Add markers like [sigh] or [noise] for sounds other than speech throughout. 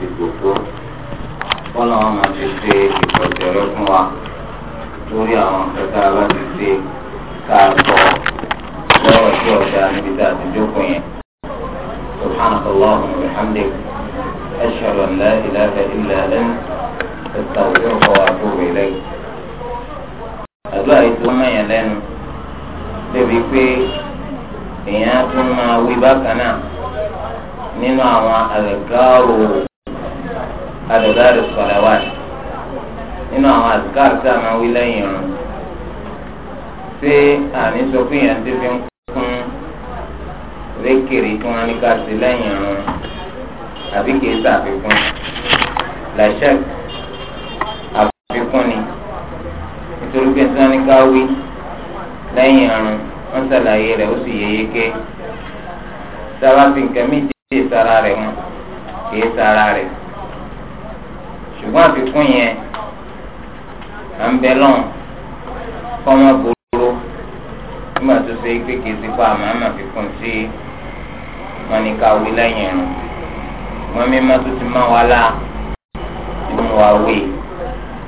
ti gbogbo kọ́nà wọn máa ti ṣe ìtọ́jọ́rọ́ fún wa lórí àwọn kẹta bá سبحانك اللهم وبحمدك أشهد أن لا إله إلا أنت أستغفرك وأتوب إليك àdúrà yìí tó mọ̀ yẹn lẹ́nu débi pé èèyàn bákan náà nínú àwọn àdìgáàrò àdìgáàrò sọ̀lẹ́wàtì nínú àwọn àdìgáàrò tí a máa wí lẹ́yìn irun ṣé àní sọ pé yẹn ti fi ń kún rékèrè tí wọ́n ní ká sí lẹ́yìn irun àbí kìí ṣàfikún làṣẹ àfikún ni nítorí pé tí wọ́n ní ká wí lẹ́yìn irun wọ́n ṣàlàyé rẹ̀ ó sì yéye ké sábà fi nǹkan méjì kìí sara rẹ̀ mu kìí sara rẹ̀ ṣùgbọ́n àfikún yẹn à ń bẹ lọ́n kọ́mọ gbòòrò nígbà tó ṣe pé kìí ti pa àmọ́ àmọ́ àfikún sí wọn ní ká wí lẹ́yìn ẹ̀rùn wọn mímọ́ tó ti máa wá lá nínú wa wí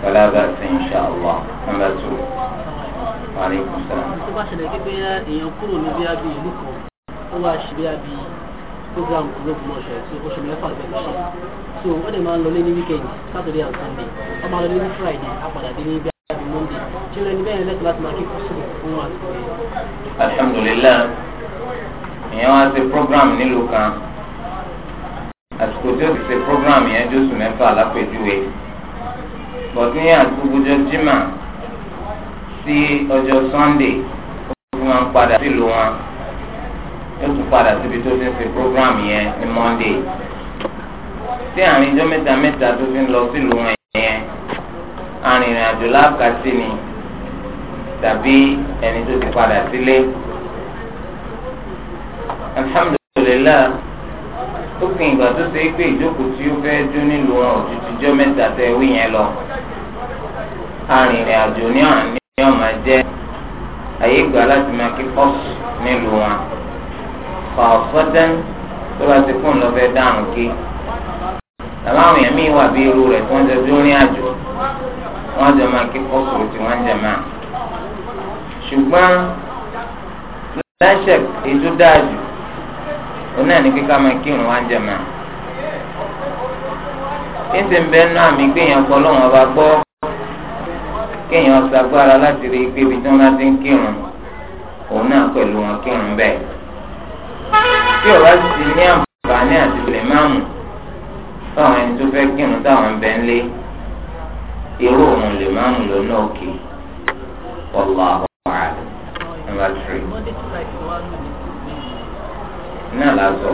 kọlábà sí inṣàlá nàmbà tó wàlẹ́kùn sáà. tó bá ṣẹlẹ̀ kí pé èèyàn kúrò níbi àbí ìlú kan ó wá ṣe bí àbí program lókùnmọ̀ṣọ́ tí oṣù mẹ́fà pẹ̀lú ṣe so ó lè máa ń lọlé ní weekend saturday and sunday ó máa lọlé ní friday apàdà dé ní bí monday tí ó lẹni bẹ́ẹ̀ lẹ́tọ̀ láti máa kí kùsùn fún àtúntò yẹn. alhamdulillah ìyẹn wá ṣe program nílùú kan àsìkò tí ó ti ṣe program yẹn jóṣù mẹ́fà lápèjúwe but ní àtúgbòjọ jimá sí ọjọ́ sunday ó fi máa ń padà sílùú wọn ó tún padà síbi tó ti ń fi program yẹn ní monday tí àárín ijọ́ mẹ́ta mẹ́ta tó fi ń lọ sílùú wọn yẹn arìnrìn àjò lákàtí ni tàbí ẹni tó ti padà sílé alhamdulilayi ó fi ìgbà tó ṣe é pé ìjókòó tí ó fẹ́ dún nílùú wọn òtútù jọ mẹ́ta tẹ wí yẹn lọ arìnrìn àjò ní àná ní ọmọ jẹ àyè gbà láti máa kí pọ́s nílùú wọn fàfọ́dán tó bá ti fún un lọ́fẹ́ dáhùn ké tàbá àwọn èèyàn míì wà bí irú rẹ̀ tó ń jẹ tó rìn àjò wọ́n jọ máa ké fọ́sùrù tí wọ́n ń jẹ máa ṣùgbọ́n láṣẹ ètò dáàjù òun náà ní kíkà máa kírun wá jẹ máa níṣẹ́ ń bẹ́ nú àmì gbéyàn kọ́ lọ́wọ́n ọba gbọ́ kéèyàn ṣàgbára láti rí i pé ibi tí wọ́n bá ti ń kírun òun náà pẹ̀lú wọn kírun bẹ́ẹ̀ tí ọba ti ní àǹfààní àti lèmáàmù táwọn ẹni tó fẹ́ kírun táwọn ń bẹ ń lé irú òun lèmáàmù lọ́nà òkè ọ̀la ọ̀hún àdùn nàmbà tírì. náà la sọ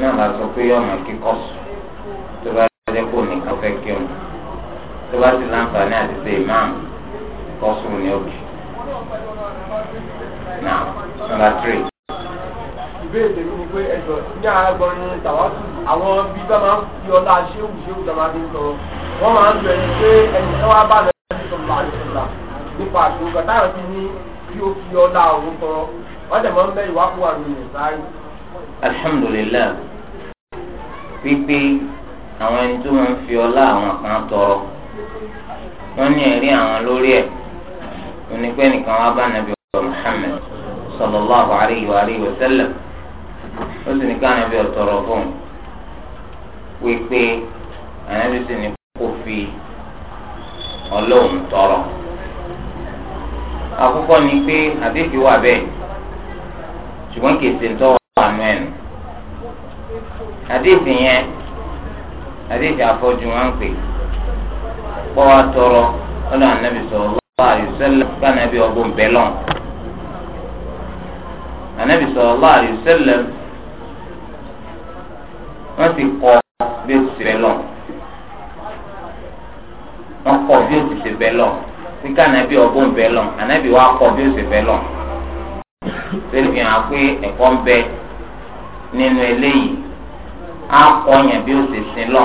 náà la sọ pé ọmọ kíkọ́ sùn tó bá jẹ́ kó nìkan fẹ́ kírun tó bá ti láǹfààní àti ṣe ìmáàmù kọ́ sùn ní òkè. náà nàmbà tírì ìbéèrè tèmi ni pé ẹjọ ní àgbọn ní tàwátù àwọn bí bá máa ń fi ọlá ṣéwù ṣéwù tá máa fi wọn máa ń bẹ̀rẹ̀ pé ẹnì kan wá bá lọ sí sọlá àdìsọlá nípa àtúgbà táwọn ti ní kí ó fi ọlá òun sọ̀rọ̀ wọn dẹ̀ máa ń bẹ ìwákùwà mi nì sáré. alhamdulilayi pípé àwọn ẹni tó máa ń fi ọlá àwọn kan tọrọ wọn ní ẹ̀rí àwọn lórí ẹ̀ onípẹ́ nìkan wá bá nàbí ọ̀rọ̀ Muhammad sallallahu alayhi wa alihi wa sallam ó sì ní káwọn ẹbí ọ̀tọ̀rọ̀ fún un wípé àwọn ẹbí sì ní kó fi ọlọ́run tọrọ. àkọ́kọ́ ni pé àdéhùn wà bẹ́ẹ̀ ṣùgbọ́n kì í ṣe ń tọ́wọ́ àánú ẹ̀nu. àdéhùn yẹn àdéhùn afọ́jú wọn ń pè pọ́ wa tọrọ ọ̀nà ànábì sallallahu alaihi wasallam kánàbí ọgbọ́n bẹ́lọ̀n ànábì sallallahu alaihi wasallam wọ́n ti kọ́ bí o ti bẹ lọ wọ́n kọ́ bí o ti ṣe bẹ lọ nígbà ànábì ọgbọ́n bẹ lọ ànábì wa kọ́ bí o ṣe bẹ lọ sẹ́ni fi hàn pé ẹ̀kọ́ ń bẹ nínú eléyìí á kọ́ yẹn bí o ṣe sin lọ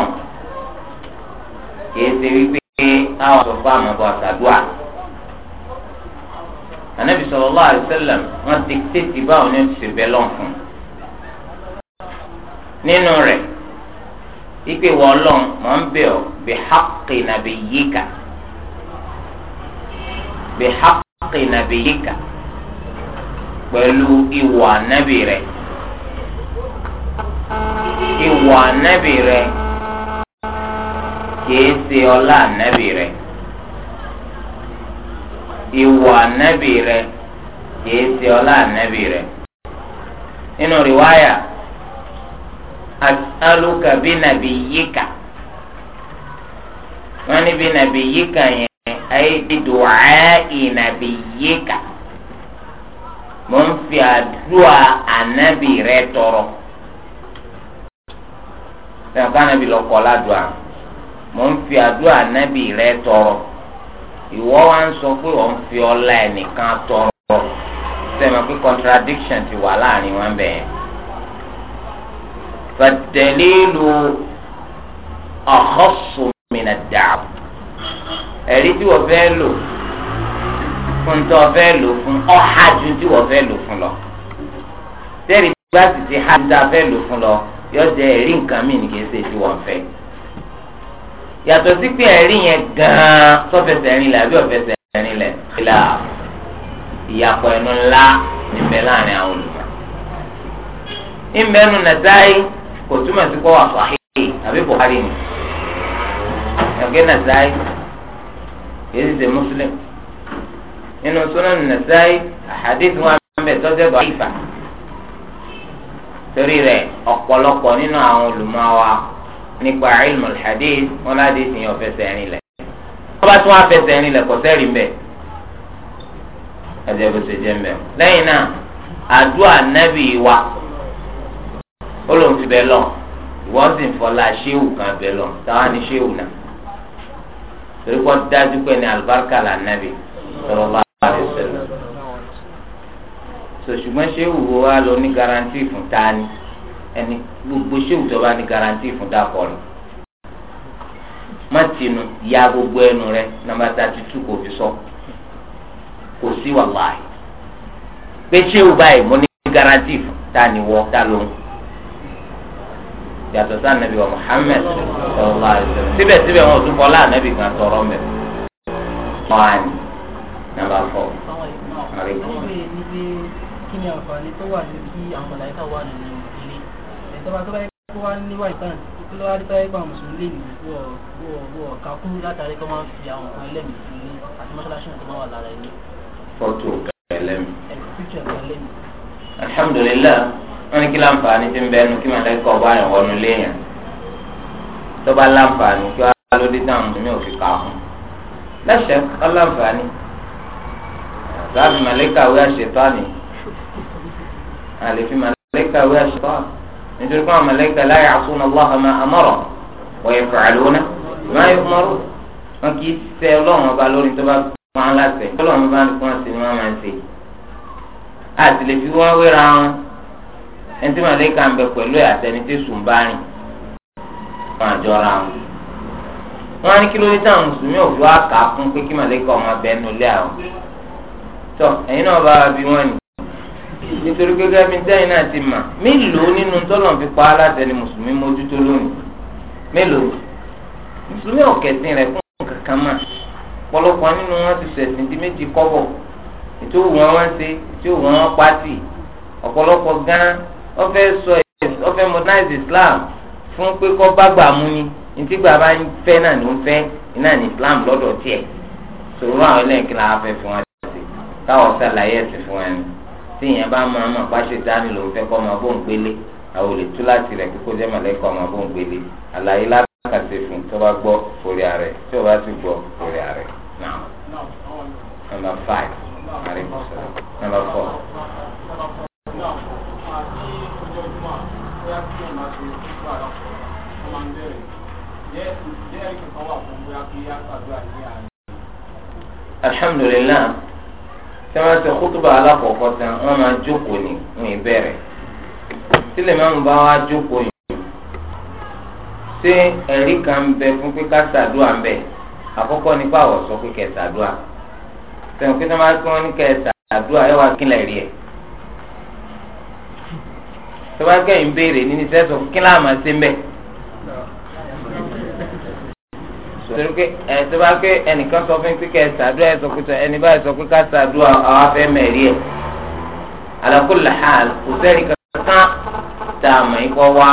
kìí ṣe wípé àwọn sọ fún àmọ́ àtàdúrà ànábì sallallahu alaihi wasallam wọ́n ti tètè báwọn ní o ti ṣe bẹ lọ fún un. nínú rẹ̀ ìpè wọ́n lọ́n mọ̀ ń bẹ̀ ọ́ bí haqqi nabiyyika bí haqqi nabiyyika pẹ̀lú ìwọ ànábì rẹ̀ ìwọ ànábì rẹ̀ kìí ṣe ọlá ànábì rẹ̀ ìwọ ànábì rẹ̀ kìí as'aluka bí nàbí yíkà wọ́n ní bí nàbí yíkà yẹn ayé ti dùwà ìnàbí yíkà mo ń fi àdúrà ànábì rẹ tọrọ ẹ̀ka ànábì lọ́kọ́ ládùá mo ń fi àdúrà ànábì rẹ tọrọ ìwọ wa ń sọ pé òun fi ọlá ẹnìkan tọrọ sẹ́mi pé contradiction ti wà láàrin wọn bẹ́ẹ̀ fàdẹ́lẹ́lù ọ̀họ́sùmìnà dàb ẹ̀rí tí wọ́n fẹ́ lò fún tó fẹ́ lò fún ọ̀há ju tí wọ́n fẹ́ lò fún lọ tẹ́rì bá sì ti ha tá a fẹ́ lò fún lọ yọ jẹ ẹ̀rí nǹkan mìíràn kì ṣe tí wọ́n fẹ́ yàtọ̀ sí pé ẹ̀rí yẹn gan-an sọ́fẹsẹ̀ rìn lẹ̀ àbí ọ̀fẹsẹ̀ rìn lẹ̀ ìlà ìyàpọ̀ ẹnu ńlá níbẹ̀ láàrin àwọn olùmọ̀ ìmẹ́nu nàdáyé kò túmọ̀ sí kọ́ wà sahih àbí buhari ni ẹ̀gẹ́ nàzáì kìí ṣe muslim nínú sunan nàzáì àhàdìsí wọn bẹ tọ́jú bá ìfà torí rẹ̀ ọ̀pọ̀lọpọ̀ nínú àwọn olùmọ̀wá nípa ilmu alhadith wọn láti sìn yọ fẹsẹ̀ rìn lẹ̀ wọ́n bá tún wá fẹsẹ̀ rìn lẹ̀ kọ́ sẹ́rì mbẹ́ ẹ̀jẹ̀ bó ṣe jẹ́ mbẹ́ lẹ́yìn náà àdúrà nábì wa ó lóun ti bẹ lọ wọ́n sì ń fọlá ṣéwù kan bẹ lọ táwa ni ṣéwù náà torí kọ́ dájú pé ní alibarika là nàbì sọ̀rọ̀ bá a lè sẹ́lẹ̀ sòṣùgbọ́n ṣéwù wo wá lọ ní garanti fún tani ẹni gbogbo ṣéwù tó bá ní garanti fún dàpọ̀ rẹ̀ má tinú ya gbogbo ẹnu rẹ̀ nàmbà tàti tù kò fi sọ kò sí wàhálà pé ṣéwù báyìí mo ní garanti fún tani wọ́ tá lóhùn yàtọ̀ sí anabi wa Muhammad sallallahu alaihi wasallam síbẹ̀síbẹ̀ wọn ò tún fọlá anabi kan sọ̀rọ̀ mẹ́. wọ́n nàbà fọ́. kí ni àǹfààní tó wà ní kí àwọn mọ̀láyíkà wà nínú ilé ẹ̀tọ́ba tó bá yẹ kó wá níwá ìtàn kí ló wá rí tọ́yẹ́ pa mùsùlùmí lè ní fọ́tò ẹlẹ́mì. ẹ̀ wọn ní kí láǹfààní ti ń bẹ ẹnu kí màlẹ́kọ̀ ọba rẹ̀ wọnú léèyàn tọ́ba láǹfààní kí wọ́n á lóde táwọn mùsùlùmí ò fi kà á fún lẹ́sẹ̀ ọláǹfààní láàbì màlẹ́kà wí àṣetọ́ àná àlèfi màlẹ́kà wí àṣetọ́ àná nítorí pé àwọn màlẹ́kà la ya'suna Allaha ma amara wa yaf'aluna ma yu'maru wọn kì í ṣe ọlọ́run ọba ẹnití màlẹ́kà ń bẹ pẹ̀lú ẹ̀ àtẹni tí sùn bá rìn wọn àjọra wọn. wọn á ní kí ló dé táwọn mùsùlùmí òfin wa kà á kún pé kí màlẹ́kà ọmọ abẹ nù lé àwọn. tọ ẹ̀yin náà bá wa bí wọn ni nítorí gẹ́gẹ́ bí tẹ́yìn náà ti mà mélòó nínú tọ́lọ̀ fi pa alátẹni mùsùlùmí mójútó lónìí mélòó mùsùlùmí ọ̀kẹ́sìn rẹ̀ fún kankan mà pọ̀lọpọ̀ nínú wọn ti sẹ̀sìn di méjì kọ́bọ̀ ètò òwò wọn ṣe ètò òwò wọn pàtì ọ̀pọ̀lọpọ̀ gan-an ó fẹ́ sọ ó modernize Islam fún pé kọ́ bá gbà mú ni ntí gbà bá ń fẹ́ náà ló ń fẹ́ iná ní Islam lọ́dọ̀ tiẹ̀ sòrò àwọn ilé ìkìlá afẹ́ fún wa ṣe táwọn ṣàlàyé ẹ̀sìn fún wa ni tí ìyẹn bá máa mọ̀ pàṣẹ dání ló ń fẹ́ kọ́ ọmọ bó ń gbélé àwọn olè tú láti rẹ̀ kíkó jẹ́ mọ̀lẹ́kọ̀ ọmọ bó ń gbélé àlàyé lákàtà fún tó bá gbọ́ orí ààrẹ tí ò bá sì gbọ́ orí ààrẹ náà. number five. الحمد لله wọ́n ti kútùbà alákọ̀ọ́kọ́ tán wọ́n máa jókòó ní ní ìbẹ̀rẹ̀ tí lè máa ń bá wa jókòó yìí ṣé ẹ̀rí kan ń bẹ fún pé ká ṣàdúrà ń bẹ àkọ́kọ́ nípa àwọ̀ sọ pé kẹ́ ṣàdúrà tẹ̀wọ̀n pé tí wọ́n wọn ní kẹ́ ṣàdúrà ẹ̀ wá kílẹ̀ rí ẹ̀ tí wọ́n bá kẹ́yìn béèrè nínú iṣẹ́ sọ kí láàmà torí pé ẹ tó bá pé ẹnìkan sọ fún mi pé kẹ ẹ ṣàdúrà ẹ sọ pé sọ ẹni báyìí sọ pé ká ṣàdúrà àwọn afẹ́ mẹ̀rí ẹ̀ ala kulli hal kò sẹ́ni kankan tá a mọ̀ ikọ́ wá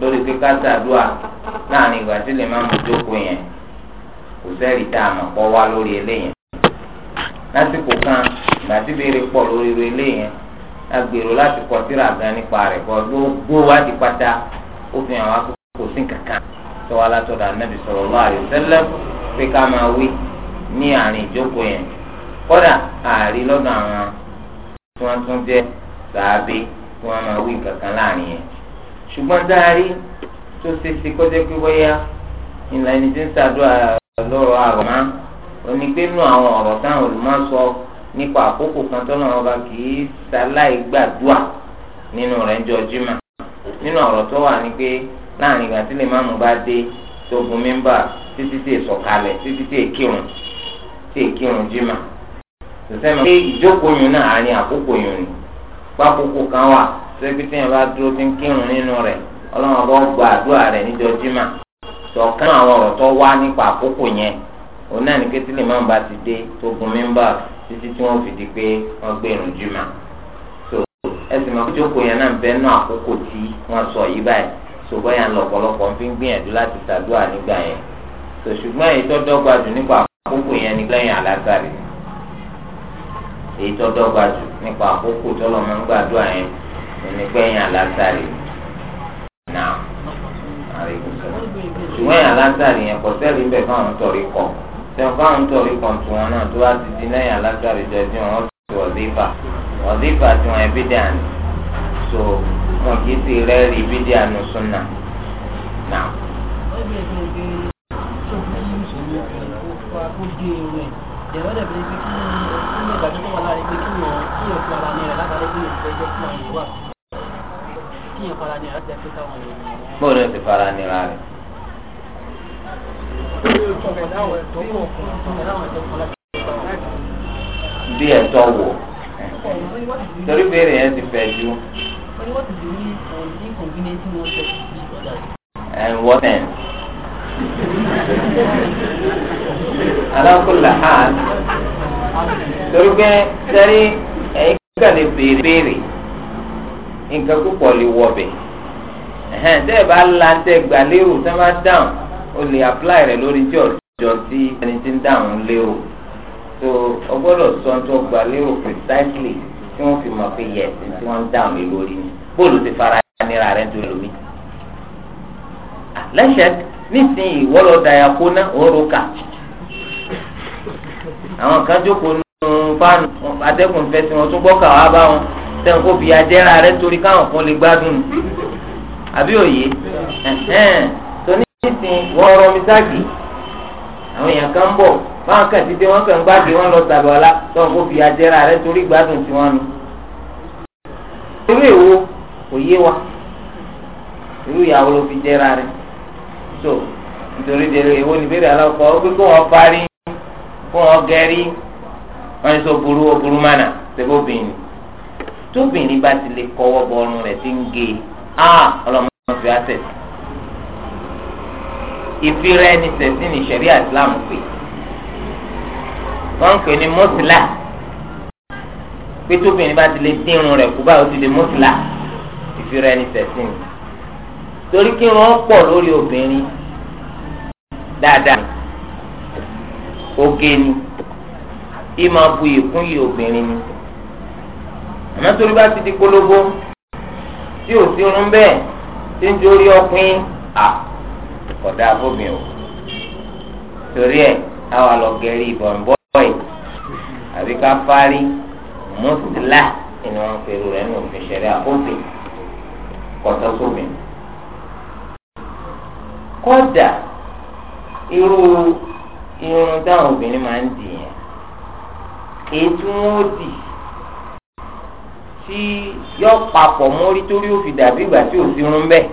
lórí pé ká ṣàdúrà láàrin ìgbà tí lè má mú jókòó yẹn kò sẹ́ni tá a mọ̀ kọ́ wá lórí eléyẹn lásìkò kan ìgbà tí béèrè pọ̀ lórí eléyẹn agbèrò láti kọ síra gan nípa rẹ̀ kọ́ gbogbo wá di pátá ó fi hàn wá kó kò sí kankan tó wá látọ̀dọ̀ anábì sallallahu alaihi wasallam pé ká máa wí ní àárín ìjókòó yẹn kódà ààrí lọ́dọ̀ àwọn tí wọ́n tún jẹ́ sàábé tí wọ́n máa wí kankan láàrin yẹn ṣùgbọ́n dáárí tó ṣe ṣe kọjá pé wọ́yá ìlànà ẹni tí ń ṣàdúrà lọ́rọ̀ àròmá onígbénu àwọn ọ̀rọ̀ táwọn olùmọ̀ sọ nípa àkókò kan tó náà ọba kì í ṣaláì gbàdúà nínú rẹ̀ ń jọ jimá nínú ọ̀rọ̀ tó wà ní pé láàrin ìgbà tí lè máàmù bá dé tó gun mímbà títí tí èsọ̀kalẹ̀ títí tí èkírun tí èkírun jimá sọsẹ́mi pé ìjókòó yun náà àárín àkókò yun ni pákókò kan wà sẹ́kí tí yẹn bá dúró tí ń kírun nínú rẹ̀ ọlọ́run ọba gba àdúrà rẹ̀ níjọ jimá àwọn ọ̀rọ̀ tó wá nípa àkókò yẹn òun náà ní lè máàmù bá ti dé mímbà títí tí wọ́n fi di pé wọ́n gbé irun jimá ṣùgbọ́n yà ń lọ ọ̀pọ̀lọpọ̀ fi ń gbìyànjú láti ṣàdúrà nígbà yẹn tó ṣùgbọ́n èyí tó dọ́gba jù nípa àkókò yẹn ni lẹ́yìn àlásàrì èyí tó dọ́gba jù nípa àkókò tó lọ́mọ ń gbàdúrà yẹn ni lẹ́yìn àlásàrì náà ṣùgbọ́n yà àlásàrì yẹn kò sẹ́ẹ̀lì ń bẹ̀ fáwọn tọ̀rí kọ̀ sẹ́wọ́n fáwọn tọ̀rí kọ̀ tí wọn náà tó bá ti di lẹ́yìn àlásàrì jẹ́ tí wọ́n ti wọ̀dífà wọ̀dífà tí wọ́n wọn kì í sì rẹ́ẹ̀rì bídí àánú súnà náà. bóòlù ti fara nira rẹ̀. bí ẹ̀tọ́ wò torí béèrè yẹn ti fẹ́ ju. And what is the risk and inconveniencing oneself to And what eh, end? alákòlá hàn torí pé sẹ́rí ẹ̀yin kíkà lè béèrè béèrè nǹkan púpọ̀ lè wọ̀bẹ̀ tẹ́ ẹ bá la tẹ́ gbà lérò tẹ́ bá dáhùn o lè apply rẹ̀ lórí tí ọ̀jọ́ tí ẹni tí ń dáhùn lérò so o gbọ́dọ̀ sọ ohun tó gbà precisely tí wọ́n fi mọ̀ pé yẹ ẹ̀sìn tí wọ́n ń dáhùn mi lórí ni bóòlù ti fara nira rẹ̀ tó lómi. lẹ́sẹ̀ nísìnyí wọ́n lọ dàyà kó ná òórò kà àwọn kan jókòó nù fáànù atẹ́kùn fẹ́ tí wọ́n tún gbọ́kà wá bá wọn tẹ̀wọ́n kó fi ajẹ́ra rẹ̀ torí káwọn kan lè gbádùn àbí òye tó nísìnyí wọ́n rọ mi sáàgì àwọn èèyàn kan ń bọ̀ wọn kàn ti dé wọn kàn gbági wọn lọ tàbí ọlá tó wọn kó fi àjẹrà rẹ torí gbádùn tí wọn nu. irú èwo kò yé wa irú ìyàwó ló fi jẹra rẹ so nítorí dèrò èwo ní bèrè aláwọkọ ó pé kó wọn parí kó wọn gẹrí wọn ní sọ burú oburú mánà tẹbóbìnrin tóbìnrin bá ti lè kọwọ́ bọ ọrùn rẹ̀ ti ń gé e ọlọ́mọ fi á tẹ̀sí ìfira ẹni tẹ̀sí ní sẹ̀rí àìsílámù pè é wọ́n ń pè ní mọ́sílà pé tóbìnrin bá ti lè dínrun rẹ̀ kú báyìí ó ti lè mọ́sílà ìfira ẹni tẹ̀sìn torí kí wọ́n pọ̀ lórí obìnrin dáadáa oge ni ìmọ̀ bu ìkún yìí obìnrin ni àmọ́ torí bá ti di polówó tí ò sí irun bẹ́ẹ̀ tí ń dorí ọpin à kọ̀dá fómi o torí ẹ̀ àwa lọ gẹ̀rí ìbọn bọ́ àbí ká fárí mùsùlá ni wọ́n fi rú rẹ̀ nínú òfin ṣẹ̀rí àkóbè kọ́tọ́ sómi. kódà irú irun táwọn obìnrin máa ń dì yẹn èyí tí wọ́n dì tí yọ papọ̀ mórí torí ó fi dàbí ìgbà tí ò sí irun bẹ́ẹ̀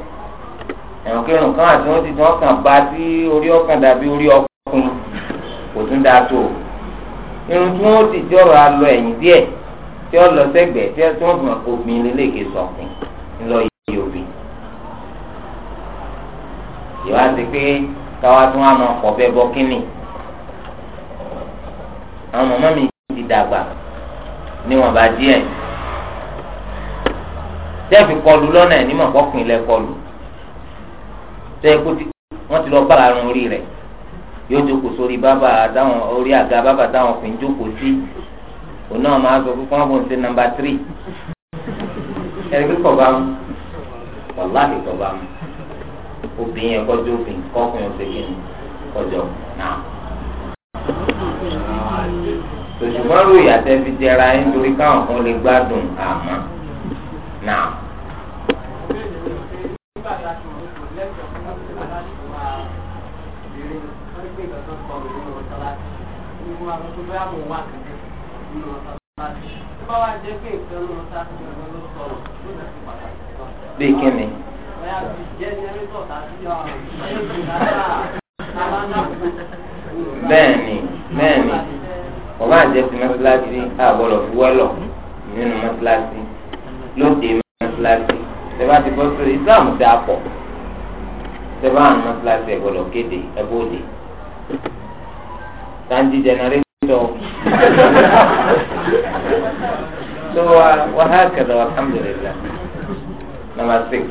ẹ̀wọ̀n kírun kan àti wọ́n ti tán kàn bá tí orí ọkàn dàbí orí ọkùnrin kò tún dáa tó o irun tí wọ́n ti jọ̀rọ̀ alọ ẹ̀yìn díẹ̀ tí ó lọ sẹ́gbẹ̀ẹ́ tí wọ́n fi hàn kó obìnrin léèké sọ̀kùn ńlọ yìí òbí. ìwà ti pé káwá tí wọ́n á máa kọ̀ bẹ́ bọ́ kínní. àwọn màmá mi ti dàgbà níwọ̀n bá díẹ̀ tẹ́ẹ̀fì kọlu lọ́nà ẹ̀ nímọ̀ kọ́kùn ilẹ̀ kọlu tẹ́ẹ̀ kó ti lọ bá àrùn orí rẹ̀ yóò jókòó sórí bàbà táwọn orí àga bàbà táwọn òfin jókòó sí òun náà máa sọ fún fún ọ̀bùn sí nàmbà tírì ẹ̀rí kíkọ̀ mu wàlá kíkọ̀ bá mu obìnrin yẹn kọjú naa. kọjọ náà. jẹra nítorí káwọn kan lè gbádùn àmọ́ náà. ìdọ̀tún sọ̀rọ̀ nínú mọ́sálásí ní mo máa sọ pé bóyá mo wà kankan nínú mọ́sálásí tó bá wà jẹ́ pé ìfẹ́ nínú mọ́sálásí ni mo ló sọ̀rọ̀ ló dẹ̀ sí pàtàkì. bí kí ni. bóyá bí bẹ́ẹ̀ni bẹ́ẹ̀ni wọn máa jẹ ti mọ́sálásí àbọlọ fúwẹlọ nínú mọ́sálásí lóde mọ́sálásí tẹ̀bá ti bọ́ sórí islam dáa pọ̀ tẹ̀bá àwọn mọ́sálásí ẹ̀gbọ́dọ̀ kéde ẹ̀gbọ́dọ̀ tandi jẹnẹrétọ so wa ha kẹlẹ alhamdulilah nama six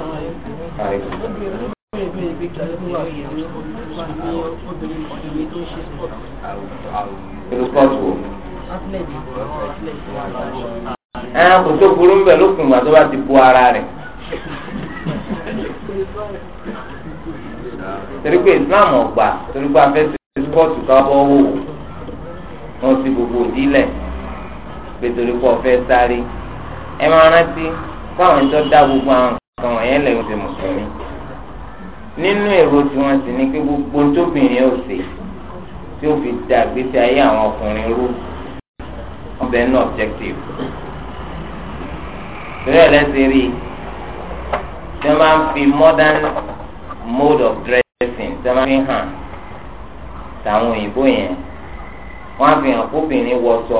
irukọtu ẹ kò tó burú mbẹ lókun gbà tó bá ti bu ara rẹ̀ torí pé islam ọgbà torí pé afẹsẹ kóòtù kábọ̀ wò wọn sì gbogbo òdílẹ̀ gbẹdọ̀rẹ́ pọ̀ fẹ́ sáré ẹ máa rántí fáwọn ẹjọ́ dá gbogbo àwọn kan wọ̀nyẹn lẹ́yìn ti mùsùlùmí nínú èrò tiwọn sì ni pé gbogbo tóbìnrin ò sè tí ó fi da gbèsè ayé àwọn ọkùnrin rú ọbẹ̀ ní objective ìrẹ́ rẹ̀ ti rí ṣe máa ń fi modern mode of dressing ṣe máa ń fi hàn tàwọn òyìnbó yẹn wọ́n fi hàn kóbìnrin wọṣọ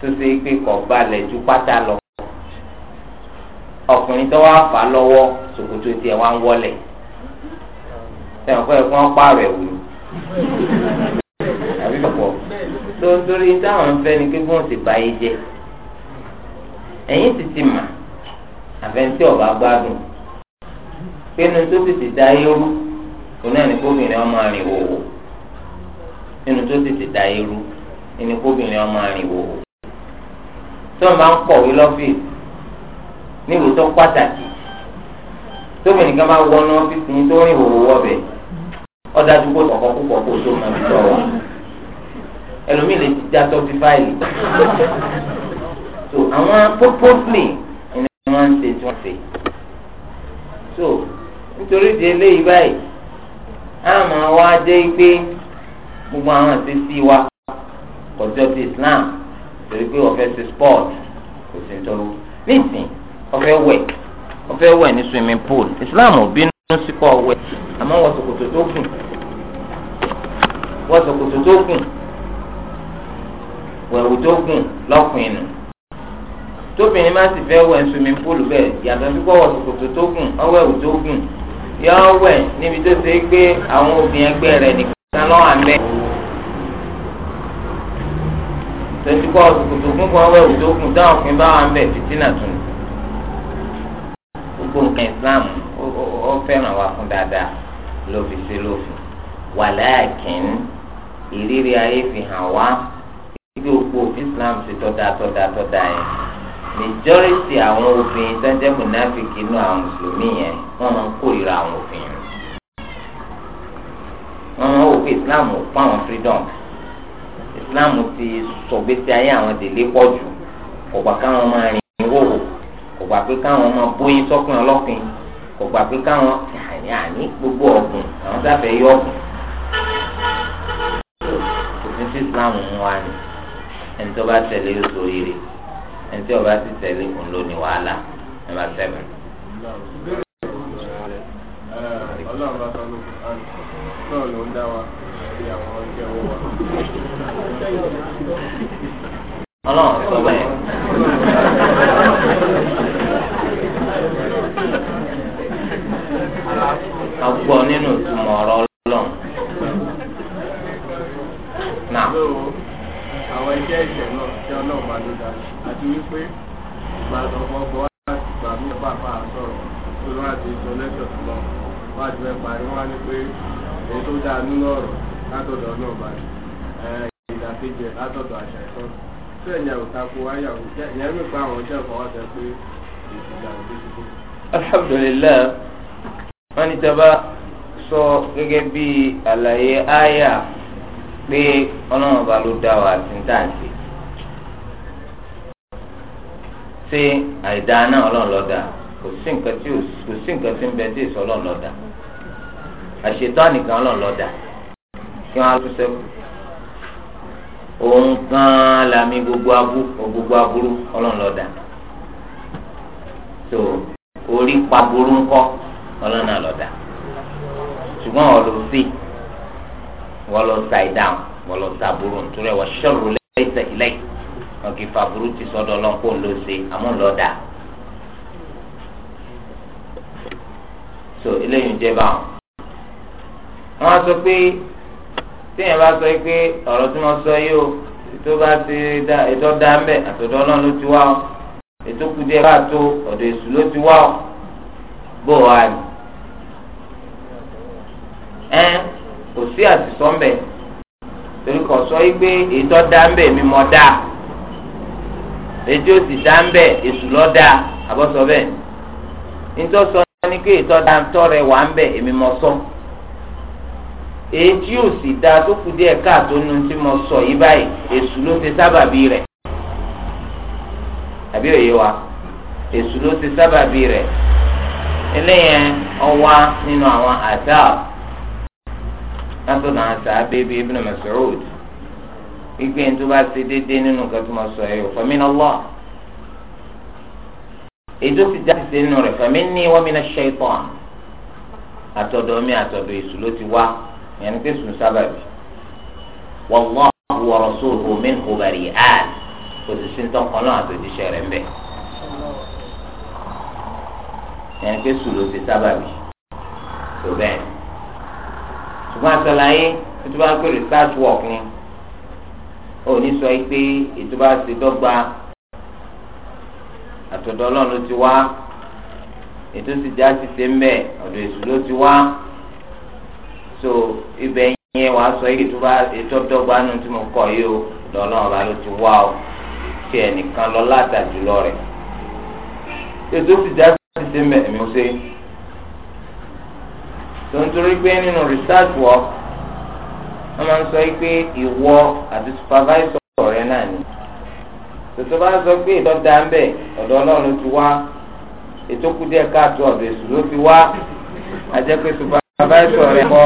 tó ṣe pé kò balẹ̀ ju pátá lọ ọkùnrin tó wá fà lọ́wọ́ ṣòkòtò tiẹ̀ wá ń wọlẹ̀ sẹ́wọ̀n fún ẹ̀ fún pààrọ̀ ẹ̀wù ni àbí bàbọ̀ tó torí táwọn ń fẹ́ ni pé bóun ti bá yé jẹ ẹ̀yìn ti ti mà àfẹ́ntí ọ̀bá gbádùn pé nu tó ti ti da yẹ́rú òun náà ní kóbìnrin ọmọ rìn wòwò nínú tó tètè da irú ẹni kóbìnrin ọmọ àrìn wò ó tó máa ń kọ̀wé lọ́fíìsì nílùú tó pàtàkì tóbìnrin kan máa wọnú ọ́fíìsì yín tó rìn òwò wọ́bẹ̀ ọ̀dájú kó kọ̀kọ́ púpọ̀ kó tó máa fi tọ̀ wá ẹlòmíì lè ti já tọ́sí fáìlì so àwọn purposely ẹni wọ́n ń ṣe tí wọ́n ṣe so nítorí di eléyìí báyìí àmọ́ wa jẹ́ pé gbogbo àwọn àṣìṣe wa kọjọ ti Islam torí pé ó fẹ́ ṣe sport kò sí nítorí nísìn ó fẹ́ wẹ̀ ó fẹ́ wẹ̀ ní swimming pool Islam ò bínú sí kọ wẹ̀ àmọ́ wọ ṣòkòtò tó gùn wọ ṣòkòtò tó gùn wẹ̀wù tó gùn lọ́kùnrin nù tóbìnrin má sì fẹ́ wẹ̀ swimming pool bẹ́ẹ̀ yàtọ̀ sí kọ́ wọ ṣòkòtò tó gùn ọwọ́ ẹ̀wù tó gùn yọ wẹ̀ níbi tó ṣe é gbé àwọn obìnrin ẹgbẹ́ rẹ̀ nìkan lọ́wọ́ àmẹ́. tẹ̀sí kọ́ kòtò fún kan wẹ̀ òjò kùn táwọn òfin bá wà ń bẹ̀ fìtínà tún. gbogbo nǹkan Islam ó fẹ́ràn wa fún dáadáa ló fi ṣe lófin wàláàkín ìrírí ayé fi hàn wá ibi òpó Islam ṣe tọ́da tọ́da tọ́da yẹn majority àwọn obìnrin tó ń jẹ́ mùnáfíkì inú àwọn mùsùlùmí yẹn wọ́n máa ń kórìíra àwọn obìnrin wọ́n máa ń wò pé Islam ò fún àwọn freedom islam ti sọ̀gbẹ́sẹ̀ ayé àwọn délé pọ̀ jù kò gbà káwọn máa rìn wòwò kò gbà pé káwọn máa bóyin sọ́kùn ọlọ́kùn kò gbà pé káwọn àní àní gbogbo ọ̀gùn àwọn sáfẹ́ yọ ọ̀gùn. òfin tí islam mú wa ni ẹni tó bá tẹ̀lé yóò sọ ẹni tí ó ti tẹ̀lé òun ló ní wàhálà ẹ má ọlọ́run bá sọ lóko àná náà ló ń dá wa ọlọ́run sọ bẹ́ẹ̀. a gbọ́ nínú ìtumọ̀ ọ̀rọ̀ ọlọ́run. nà. àwọn iṣẹ́ ìṣẹ̀ náà tí ọlọ́run máa ló dáa àti wípé ìbàdàn ọgbọ́n láti gbà mí pàpà sọ̀rọ̀ tó lọ́wọ́ àti ìsọlẹ́sọ̀ tó lọ wọ́n á ti fẹ́ parí wọ́n á ní pé èyí tó dáa nínú ọ̀rọ̀ látọ̀dọ̀ náà bá ìdàkejì ẹ̀ látọ̀dọ̀ àṣà ẹ̀kọ́ tó ẹ̀yà òtakò wáyà òjẹ́ ìyẹn mi pa àwọn ọjọ́ ìfọwọ́ tẹ pé ìdìgbà òjò ti kú. alhamdulilayi wọn ní tẹ́bá sọ gẹ́gẹ́ bí àlàyé àyà pé ọlọ́run ọba ló dá wa àti dáǹtì ṣé àìdá náà ọlọ́run lọ́dà kò sí nǹkan tí ń bẹ tí ìsọ ọlọ́run lọ́dà àṣetọ́ nìkan ọlọ́run lọ́dà kí wọn á tún sẹ́kù òun gan lami gbogbo abu gbogbo aburú ọlọ́run lọ́dà tó orí pa burú ńkọ́ ọlọ́run náà lọ́dà ṣùgbọ́n ọ̀rọ̀ sí wọ́n lọ sa ìdáhùn wọ́n lọ sa burú nítorí wọ́n ṣọ́ọ̀rù lẹ́sẹ̀ lẹ́yìn wọn kì í fa burú ti sọ́dọ̀ ọlọ́run kó ló ṣe àmọ́ lọ́dà tó eléyìí ń jẹ́ báwọn. wọ́n á sọ pé. téèyàn bá sọ pé ọ̀rọ̀ tí mo sọ yìí o ètò bá ti da ètò dá ń bẹ̀ ló ti wá o ètò kù díẹ̀ káàtó ọ̀dọ̀ èṣù ló ti wá o bó o wá ni. ẹ kò sí àtìsọ́ torí kò sọ yìí pé ètò dá ń bẹ̀ mi mọ̀ dá ètò sì dá ń bẹ̀ èṣù ló dá bẹ́ẹ̀ nítorí sọ ni pé ètò dá rẹ̀ wà ń bẹ̀ èmi mọ̀ So èyí tí yóò sì da tó kù díẹ̀ káàtó nu tí mo sọ yìí báyìí ló ti saba rẹ̀ àbí òye wa èṣù ló ti sábàbí rẹ̀ eléyẹn ọwá nínú àwọn àdáà látọ̀dọ̀ àwọn sàábé bíi Ibn Mas'ud gbígbé tó bá ti dédé nínú nǹkan tó máa sọ ẹ̀ yóò ti dá ti sẹ́nu rẹ̀ faminni wa minash shaytan àtọ̀dọ̀ mi àtọ̀dọ̀ èṣù ló ti wá. ìyẹn ni pé sùn sábàbí wallahu wa rasuluhu minhu bari'an kò sì sí nítorí kan náà àtòjíṣẹ́ rẹ̀ mbẹ́ ìyẹn ni pé sùn ló ti sábàbí tó bẹ́ẹ̀ ṣùgbọ́n àtàlàyé tó bá ń pè research work ni ó ní sọ pé ètò ti dọ́gba àtọ̀dọ̀ ọlọ́run ti wá ètò sì já ṣe ń bẹ̀ ọ̀dọ̀ èṣù ti wá so ibẹ̀ yẹn wàá sọ èyí tó bá ètò ọ̀dọ́gba nù tí mo kọ yìí o lọ́nà ọ̀la ló ti wá o tí ẹnìkan lọ látàjú lọ rẹ̀ ètò ti já sí ṣe mẹ́mí ṣe tó ń torí pé nínú research work wọ́n máa ń sọ pé ìwọ àti supervisor rẹ̀ náà ni tòtò bá sọ pé ìdọ́dá ń bẹ̀ ọ̀dọ̀ ọlọ́run ti wá ètò kúdíẹ̀ káàtó ọ̀dọ̀ èṣù ló fi wá àjẹpẹ́ supervisor vai ẹ̀sọ́ rẹ̀ bọ́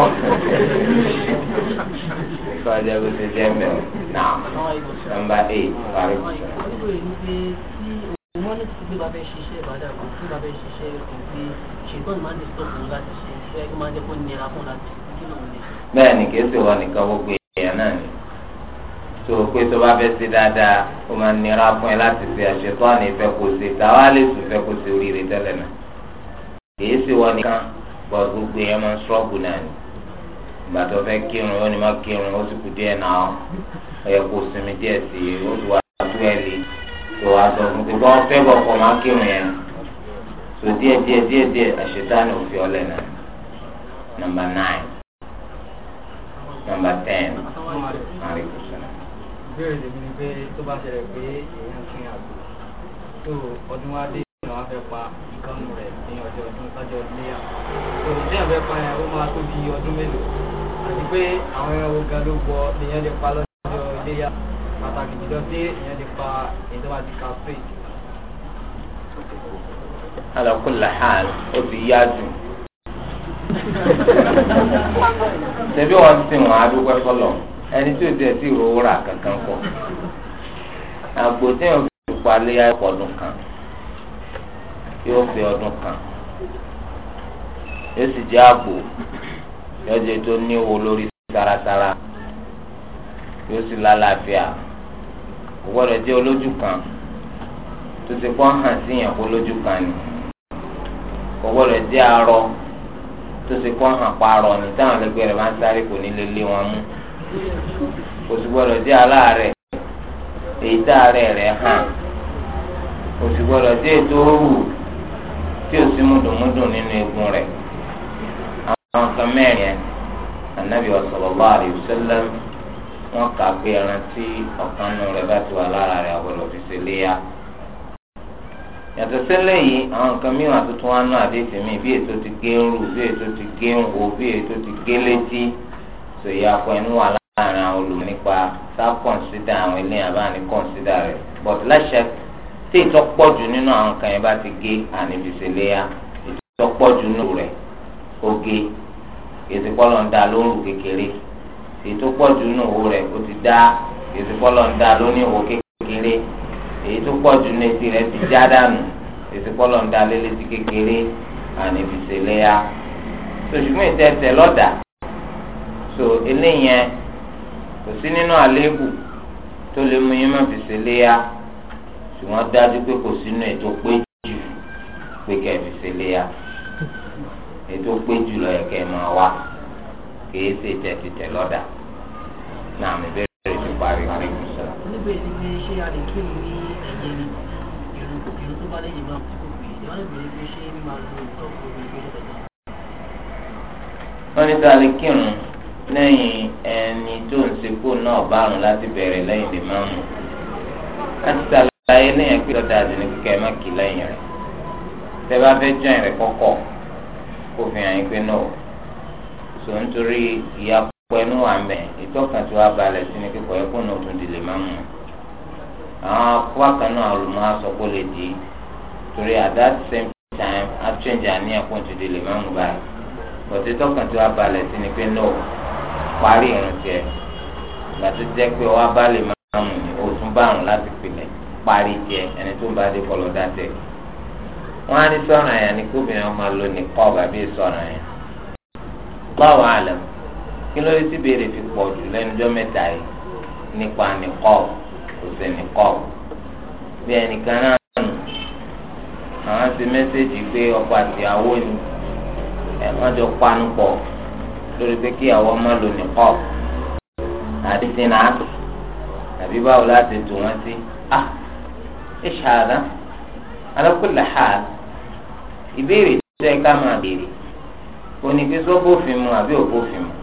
sọ́jà bó ṣe jẹ́ mẹ́rin não nọ́mbà eight parí. wọ́n ní tí bàbá ẹ̀ ṣiṣẹ́ ìbàdàn kan tí bàbá ẹ̀ ṣiṣẹ́ ìgbé ṣètò ìmáà ní sọ́ọ̀tù ńlá ti ṣe ìfẹ́ kí máa jẹ́ kó nira fún láti kí lóun lè. bẹ́ẹ̀ ni kì í ṣe wọn nìkan gbogbo èèyàn náà ni tó o pé tó bá fẹ́ ṣe dáadáa ó máa nira fún ẹ láti ṣe àṣetọ́ àní ìfẹ́ kò ṣe tàwa lè sùn ìfẹ́ kò ṣe oríire tẹ́lẹ̀ náà kì í ṣe wọn bọ́ọ̀ gbogbo yẹn máa ń sọ́ọ̀bù náà gbàtọ́ fẹ́ kírun ó ní má kírun ó sì kú díẹ̀ náà ó yẹ kó sinmi díẹ̀ sí i ó ti wá tó ẹ̀ tó wá sọ fún pé bọ́ọ̀ fẹ́ bọ̀ má kírun yẹn tó díẹ̀ díẹ̀ díẹ̀ díẹ̀ àṣetánù fi ọlẹ̀ náà nọmba náìn nọmba tẹ́n àrí kò sọ̀rọ̀. ìbéèrè lèmi ni pé tó bá ṣẹlẹ̀ pé èèyàn kí n àgbò tó ọdún wa dé ìrìn àwọn afẹ́ pa ìkànnì rẹ̀ ní ọjọ́ ọdún sájọ́ ilé àwọn òṣìṣẹ́ ìfẹ́ pa yẹn ó máa tó bí ọdún mélòó àti pé àwọn ẹran ogun ló gbọ́ lèyàn lè pa lọ́jọ́ iléyà pàtàkì jùlọ tí èyàn lè pa èdè wa ti castrate. alákùnlé hàn ó ti yá jù [laughs] ṣebí wọn ti wọn adúgbò fọlọ ẹni tí o tiẹ̀ ti ro wúrà kankan kọ àgbo tí wọn fi palẹ̀ ọ̀pọ̀ ọdún kan yóò fi ọdún kan yóò sì jẹ́ àpò yóò jẹ́ tó níwò lórí taratara yóò sì lálàáfíà kò gbọ́dọ̀ jẹ́ olójú kan tó ti pọ́n hàn sí yàn kó lójú kan ni kò gbọ́dọ̀ jẹ́ arọ tó ti pọ́n hàn parọ́ ni táwọn ẹlẹgbẹ́ rẹ̀ máa ń sáré kò ní lè lé wọn mú kò sì gbọ́dọ̀ jẹ́ aláàárẹ̀ èyí tá àárẹ̀ rẹ̀ hàn kò sì gbọ́dọ̀ jẹ́ ètò òwú tí ò sí mùdùnmùdùn nínú egun rẹ̀ àwọn kan mẹ́rin ẹ̀ anabi sallallahu alayhi wa sallam wọn kà pé ẹran tí ọ̀kan nù rẹ̀ bá ti wà lára rẹ̀ àgbọ̀dọ̀ fi ṣe léyà yàtọ̀ sílẹ̀ yìí àwọn nǹkan mìíràn tuntun wá nù àdéhùn mi bí ètò ti gé ń rù bí ètò ti gé ń wò bí ètò ti gé létí sòyà akọ ẹnu wà láàrin àwọn olùmọ̀ nípa sá kọ̀ǹsídà àwọn ilé àbá ní kọ̀ǹsídà rẹ̀ but láṣẹ tí ìtọ́pọ̀ jù nínú àwọn nǹkan yẹn bá ti gé àníbìsẹ̀léyà ìtọ́pọ̀ jù nù rẹ̀ ó gé kìí ti kọ́lọ̀ ń da lóru kékeré èyí tó pọ̀ jù nínú òwò rẹ̀ ó ti dá kìí ti kọ́lọ̀ ń da lóní òwò kékeré èyí tó pọ̀ jù nínú etí rẹ̀ ti já dànù kìí ti kọ́lọ̀ ń da lélẹ́tí kékeré àní ìfìsèléyà sòṣùgbọ́n ìtẹ̀tẹ̀ lọ́dà so eléyẹn kò sí nínú àléébù tó lè mú yín má fìsèléyà ṣùgbọ́n dájú pé kò sínú ètò pé jù pé kẹ́ fìsèléyà ètò pé jùlọ ẹ̀kẹ́ máa wá kìí ṣe tẹ̀tìtẹ̀ lọ́dà náà mi bẹ̀rẹ̀ ti parí parí kù sọ̀rọ̀. oníbẹ̀ ti fi ṣe àdìkú ní ẹ̀jẹ̀ ni ìlú tó bá lẹ́yìn bá kú ìwádìí fi ṣe máa lo ìtọ́kùn ìgbésẹ̀ wọ́n ní sáré kírun lẹ́yìn ẹni tó ń sekú náà bárùn láti bẹ̀rẹ̀ lẹ́yìn lè máa mú láti sàlàyé lẹ́yìn pé lọ́dà àdìní kíkẹ́ má kí lẹ́yìn rẹ̀ tẹ́ bá fẹ́ jọyìn rẹ̀ kó fi hàn yín pé náà sọ nítorí ìyá pẹ̀lú àmẹ́ ìtọ́kàn tí wàá balẹ̀ sí ni kíkọ̀ ẹ̀kọ́ náà tún di lè má mú àwọn akọ́kàn náà àlùmọ́ aṣọ kó lè di torí at that same time a change àníyàn kó tún di lè má mú báyìí bọ̀tí ìtọ́kàn tí wàá balẹ̀ sí ni pé náà parí ìrìn tiẹ̀ ìgbà tó jẹ́ pé wàá bá lè má mú ni o tún bá àrùn láti pìlẹ̀ parí tiẹ̀ ẹni tó ń bá dé kọlọ̀ dá tẹ̀. wọn á ní sọ̀rọ̀ yẹn ni kóbìnrin ọmọ lò ní kọ́ bàbí sọ̀rọ̀ yẹn lọ́wọ́ àlẹ́ kí ló dé tí béèrè fi pọ̀ jù mẹ́ta yìí nípa kò sí bí ẹnìkan náà nù àwọn ti mẹ́sẹ̀gì pé ọkọ àtìyàwó ni ẹ̀wọ́n jọ panu pọ̀ lórí pé kí àwọn ọmọ lò àti àbí báwo láti ìbéèrè tó yẹ ká máa béèrè òní pé sọ bófin mu àbí ò bófin mu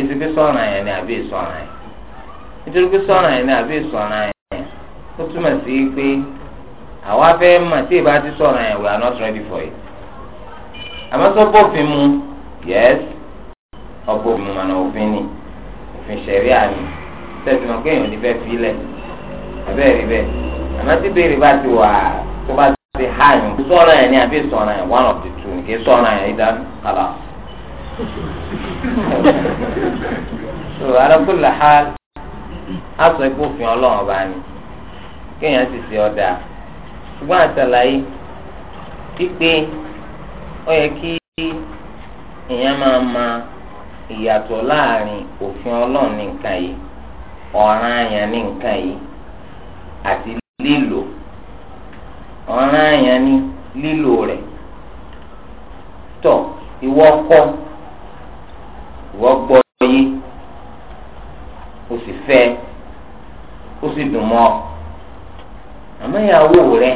ètò pé sọ̀ràn yẹn ni àbí ìsọ̀ràn yẹn nítorí pé sọ̀ràn yẹn ni àbí ìsọ̀ràn yẹn ó túmọ̀ sí pé àwa fẹ́ mọ̀ tí ìbá ti sọ̀ràn yẹn we are not ready for it àmọ́ sọ bófin mu yes ọ̀bọ̀ òfin mu màná òfin ni òfin ṣẹ̀ríà ni sẹ́sìn náà kéèyàn ní fẹ́ filẹ̀ abẹ́rẹ́ bẹ́ẹ̀ àmọ́ tí béèrè bá ti wà tó bá ṣe ha ni sọ̀rọ̀ yẹn ni àbí sọ̀rọ̀ yẹn one of the two e ni kì í sọ̀rọ̀ yẹn so ha ni kéèyàn ṣe ọ̀dà ṣùgbọ́n àtàlàyé pípé ó yẹ kí èèyàn ma ìyàtọ̀ láàrin òfin ọlọ́run ní nǹkan yìí ọ̀ràn àyàn ọ̀ràn àyàn ni lílò rẹ̀ tọ̀ ìwọ kọ́ ìwọ gbọ́ yé o sì fẹ́ o sì dùn mọ́ àmọ́ ìyàwó rẹ̀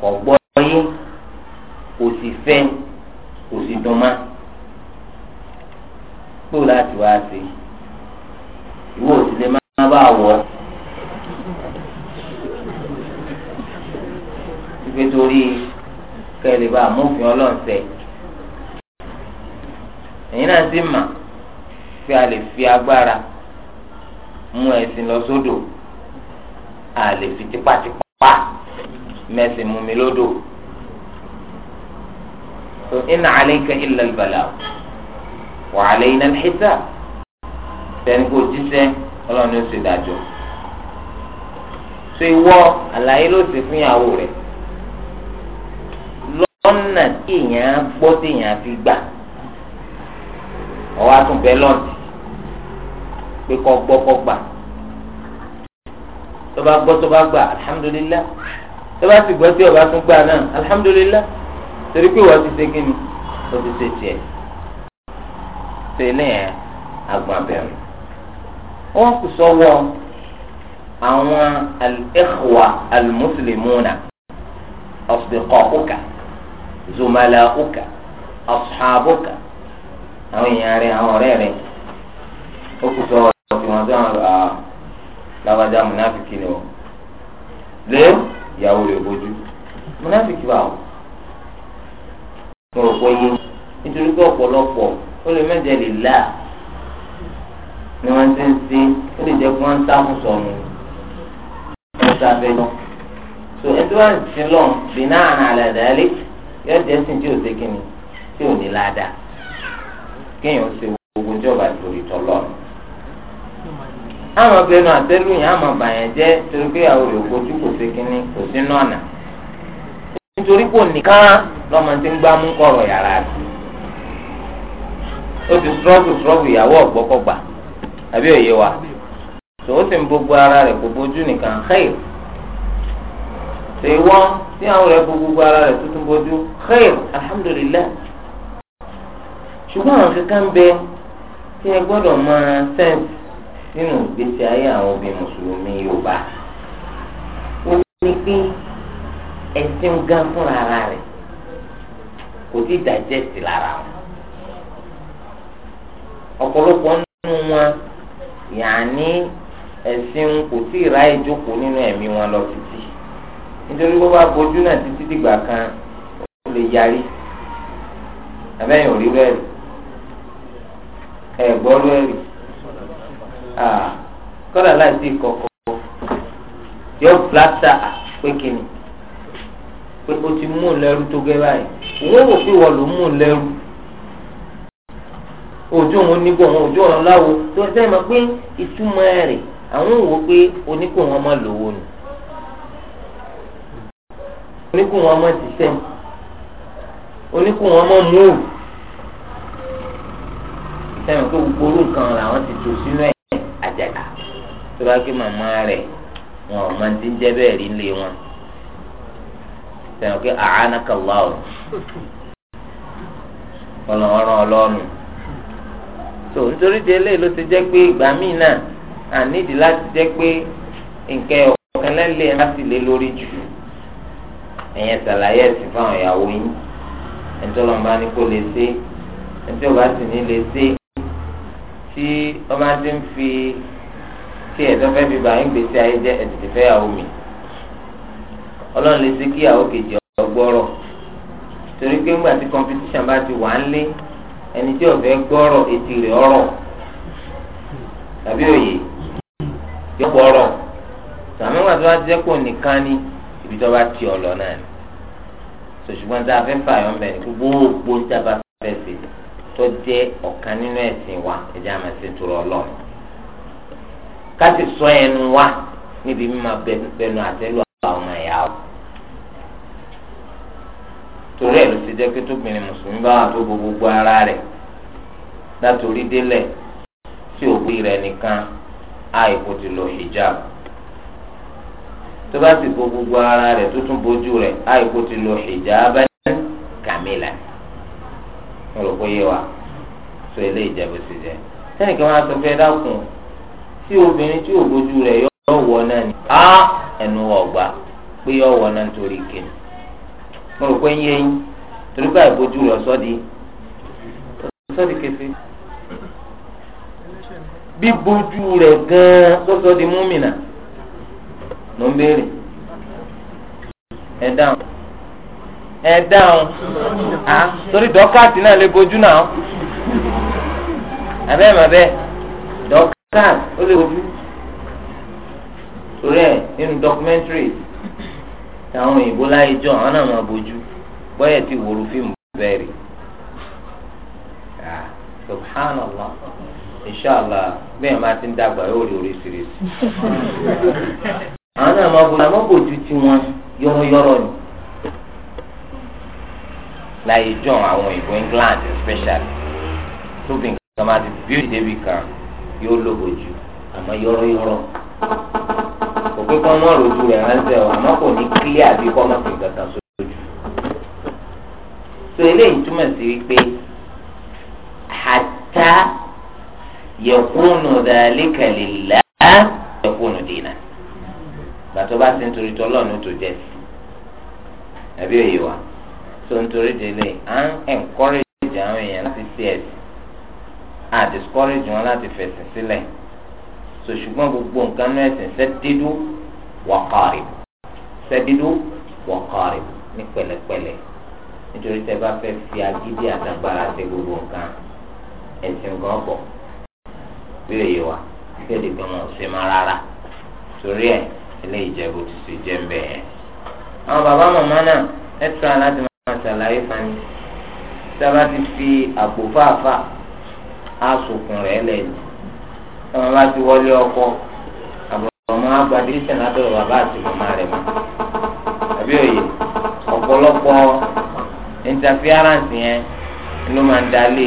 kò gbọ́ yé kò sì fẹ́ kò sì dùn mọ́ kó láti wá sí ìwọ ò lè má bá wọ̀ ọ́. lè bá amófin ọlọ́ọ̀sẹ̀ ẹ̀yin náà sì mà pé a lè fi agbára mú ẹ̀sìn lọ sódò a lè fi tipátipá mẹ́sìn mú mi lódò so inna alayka illa al-balagh wa alayna al-hisab sẹ́ni kò jíṣẹ́ ọlọ́run ló ṣe dájọ́ so ìwọ àlàyé ló ṣe fún ìyàwó rẹ̀ lọ́nà tí èèyàn gbọ́ tí èèyàn fi gbà ọwọ́ àtúnbẹ̀ lọ́ọ̀dì pé kọ́ gbọ́ kọ́ gbà tó bá gbọ́ tó bá gbà alihamudulilá tó bá sì gbọ́ tí ọba tún gbà náà alihamudulilá torí pé wọ́n ti ṣe kí ni wọ́n ti ṣe tiẹ̀ ṣe lẹ́yìn agbábẹ́rẹ́ wọ́n kù sọ́wọ́ àwọn al-ikhwa al-muslimuna asdiqa'uka zumalauka ashabuka àwọn èèyàn rẹ àwọn ọ̀rẹ́ rẹ ó kù sọ ọ̀rọ̀ tí wọ́n sọ̀rọ̀ à ah, lágbájá múnáfìkì ni o lé ìyàwó rẹ̀ bójú múnáfìkì wà ó mo rò pé yé nítorí pé ọ̀pọ̀lọpọ̀ ó lè mẹ́jẹ lè là ni wọ́n ti ń sí ó lè jẹ́ pé wọ́n ń sáfún sọ̀nù ó sáfẹ́ lọ. so ẹtí wọ́n ti lọ bìnnà àná àlàdà ẹ̀ lẹ́kì. yóò jẹ́ tí o ṣe kíni tí o ní ládàá kéèyàn ṣe gbogbo tí ọba torí tọ́lọ́ àmọ́ bẹnu àtẹ́lù yẹn àmọ́ bàyẹn jẹ́ torí pé àwọn òyòkó tí kò ṣe kíni kò sí nọ́ọ̀nà nítorí kò nìkan lọ́mọ tí ń gbá mú kọ̀rọ̀ yàrá rẹ̀ ti sọ́ọ̀bù ti ń gbogbo ara rẹ̀ kò ṣèwọ́ tí àwọn rẹ̀ bu gbogbo ara rẹ̀ tuntun bójú xeyr alhamdulilayi ṣùgbọ́n àwọn kankan bẹ tí ẹ gbọ́dọ̀ máa sẹ́ǹsì nínú ìgbésí ayé àwọn obìnrin mùsùlùmí yorùbá ó ní pé ẹ̀sìn gan fúnra ara rẹ̀ kò tí dàjẹ́sì lára wọn ọ̀pọ̀lọpọ̀ nínú wọn yàní ẹ̀sìn kò tí ì jókòó nínú ẹ̀mí wọn lọ nítorí bó bá bojú náà títí dìgbà kan ó lè yarí àbẹ́yìn ò rí rẹ́ẹ̀rì ẹ̀ gbọ́ rẹ́ẹ̀rì kọ́dà láìsí ìkọ̀kọ̀ yóò blata pé kíni pé o ti mú un lẹ́rú tó gẹ́ báyìí òun rò pé wọ́n ló mú lẹ́rú ojú òun nígbò òun ojú òun láwo tó ń sẹ́yìn mọ́ pé ìtumọ̀ rẹ̀ àwọn òwò pé oníkó wọn mọ́ lówó nù oníkùn wọn mọ ṣiṣẹ́ oníkùn wọn mọ mú òwú sẹ́yìn pé gbogbo orú nǹkan làwọn ti tò sínú ẹ̀ àjàgà tó bá gé màmá rẹ̀ wọn ò máa ti ń jẹ́ bẹ́ẹ̀ rí lé wọn sẹ́yìn pé àánà kàlá o ọlọ́run ọlọ́run tó nítorí tí eléyìí ló ti jẹ́ pé ìgbà míì náà àníìdí láti jẹ́ pé nǹkan ọ̀kan lẹ́lẹ́ ẹ̀ lé lórí jù ẹ̀yin ṣàlàyé ẹ̀sìn fáwọn ìyàwó yín ẹ̀ńtọ́ lọ́n bá ní kó lè ṣe ẹ̀ńtọ́ bá sì ní lè ṣe tí ọba ti ń fi tí ẹ̀tọ́ fẹ́ fi bàyín gbèsè ayé jẹ́ ẹ̀tìtì fẹ́ ìyàwó mi ọlọ́run lè ṣe kí ìyàwó kejì ọgbọ́rọ̀ torí pé ńgbà tí competition bá ti wà ń lé ẹni tí ọ̀fẹ́ gbọ́rọ̀ etí rẹ̀ ọ̀rọ̀ tàbí òye yọ̀pọ̀ ọ̀rọ̀ tàbí ńgbà jẹ́ pò nìkan ni ibi tó bá ti ọ lọ náà ni sòṣùgbọ́n tá a fẹ́ fà yọ̀ mẹ́rin kó gbogbo tá a bá fẹ́ fè tó jẹ́ ọ̀kan nínú ẹ̀sìn wa ẹ̀jẹ̀ àmọ́ sí tòrọ ọlọ́run ká sì sọ ẹnu wa níbi mímọ bẹnu àtẹ́lù àwọn ọmọ ẹ̀yà o torí ẹ̀ ló ti jẹ́ pé tóbìnrin mùsùlùmí bá wà tó bo gbogbo ara rẹ̀ látòrí délẹ̀ tí òbí rẹ̀ nìkan àìkú ti lọ hijab tó bá sì bo gbogbo ara rẹ̀ tó tún bójú rẹ̀ àìkú ti lo hijab kàmílà wọn rò pé yé wa sọ ilé ìjẹ̀bù sì jẹ sẹ́nìkan wọn á sọ pé dákun tí obìnrin tí ò bójú rẹ̀ yọ wọ náà ni á ẹnu ọgbà pé yọ wọ náà nítorí kìnnì wọn rò pé yé yín torí pé àìbójú rẹ̀ sọ́ di sọ́ di kété bíbojú rẹ̀ gan-an sọ́sọ́ di múmìnà. ló ń béèrè ẹ dáhùn ẹ dáhùn á torí dọ́kàtì náà lè bojú náà abẹ́ mọ̀ bẹ́ẹ̀ dọ́kàtì ó lè bojú torí ẹ̀ nínú dọ́kúmẹ́ntìrì táwọn òyìnbó láyé jọ àwọn náà máa bojú bọ́yẹ̀ ti fíìmù subhanallah inshallah bẹ́ẹ̀ máa ti ń dàgbà yóò rí àwọn náà máa bójú àmọ́ bójú tí wọ́n yọ́rọ́yọ́rọ́ ni láyé jọ àwọn ìbò England especially tóbi nǹkan máa ti bíi débi kan yóò lóbojú àmọ́ yọ́rọ́yọ́rọ́ òpè kan náà lójú rẹ̀ ránṣẹ́ o àmọ́ kò ní clear àbí kọ́ máa fi kankan sójú. so eléyìí túmọ̀ sí wípé hatta yakunu dhalika lillah gbàtọ́ bá ti ń torí tọ́ lọ́nà tó jẹ́ sí àbí òye wa tó ń torí délé à ń encourage àwọn èèyàn láti ṣe ẹ̀sìn à discourage wọn láti fẹ̀sìn sílẹ̀ so ṣùgbọ́n gbogbo nǹkan náà ẹ̀sìn sẹ́dídú wàkàrì sẹ́dídú wàkàrì ní pẹ̀lẹ́pẹ̀lẹ́ nítorí tẹ́ bá fẹ́ fi agídí àtàgbára ṣe gbogbo nǹkan ẹ̀sìn gan pọ̀ bí òye wa bí òde gan wọn ò eléyìí jẹ́ bó ti ṣe jẹ́ ń bẹ̀ yẹn. àwọn bàbá màmá náà ẹ tura láti máa ṣàlàyé fani sábà ti fi àpò fáfá asòkùn rẹ̀ lẹ́yìn táwọn bá ti wọlé ọkọ àbọ̀mọ́ agbadíṣẹ́ látọ̀rọ̀ bàbá àti màmá rẹ̀ mọ́ àbí òye ọ̀pọ̀lọpọ̀ interference yẹn ló máa ń dalé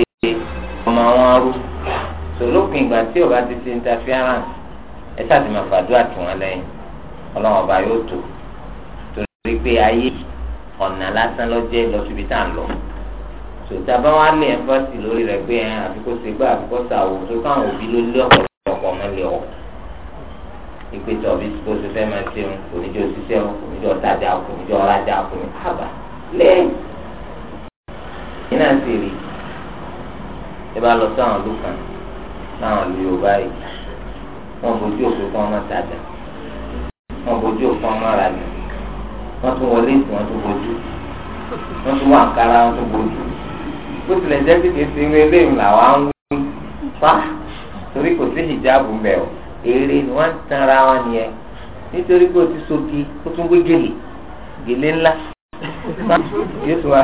ọmọ wọn rú sòlókùn ìgbà tí ò bá ti ṣe interference ẹ ṣáà ti máa fàdúrà tù wọn lẹ́yìn ọlọ́run ọba yóò tó torí pé ayé ọ̀nà lásán lọ́jẹ́ lọ́sibí tá à ń lọ sòtá bá wà lé ẹ̀fọ́sì lórí rẹ̀ pé ẹ̀ àfikún ṣègbà àfikún ṣàwò tó káwọn òbí ló lé ọ̀pọ̀lọpọ̀ mọ́ lé ọ̀ ìpè tó ọbí tó ṣe fẹ́ máa ṣe kò ní jọ ṣiṣẹ́ o kò ní jọ tajà o kò ní jọ rajà o kò ní àbá lẹ́yìn. iná sì rí ẹ bá lọ sáwọn ìlú kan láwọn ìlú Yorùbá yìí wọn bójú òfin kan wọn tajà wọn bójú òfin ọmọ ara ni wọn tún wọlé ìsìn wọn tún bójú wọn tún wà kára wọn tún bójú bó tilẹ̀ jẹ́ pé kìí ṣe eré léyìn làwọn ń wí pa torí kò sí hijabu mbẹ o eré ni wọ́n ń tan ara wọn nìyẹn nítorí pé o ti soki o tún gbé gèlè gèlè ńlá yóò tún wá.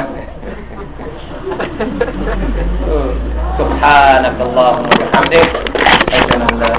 سبحانك [laughs] اللهم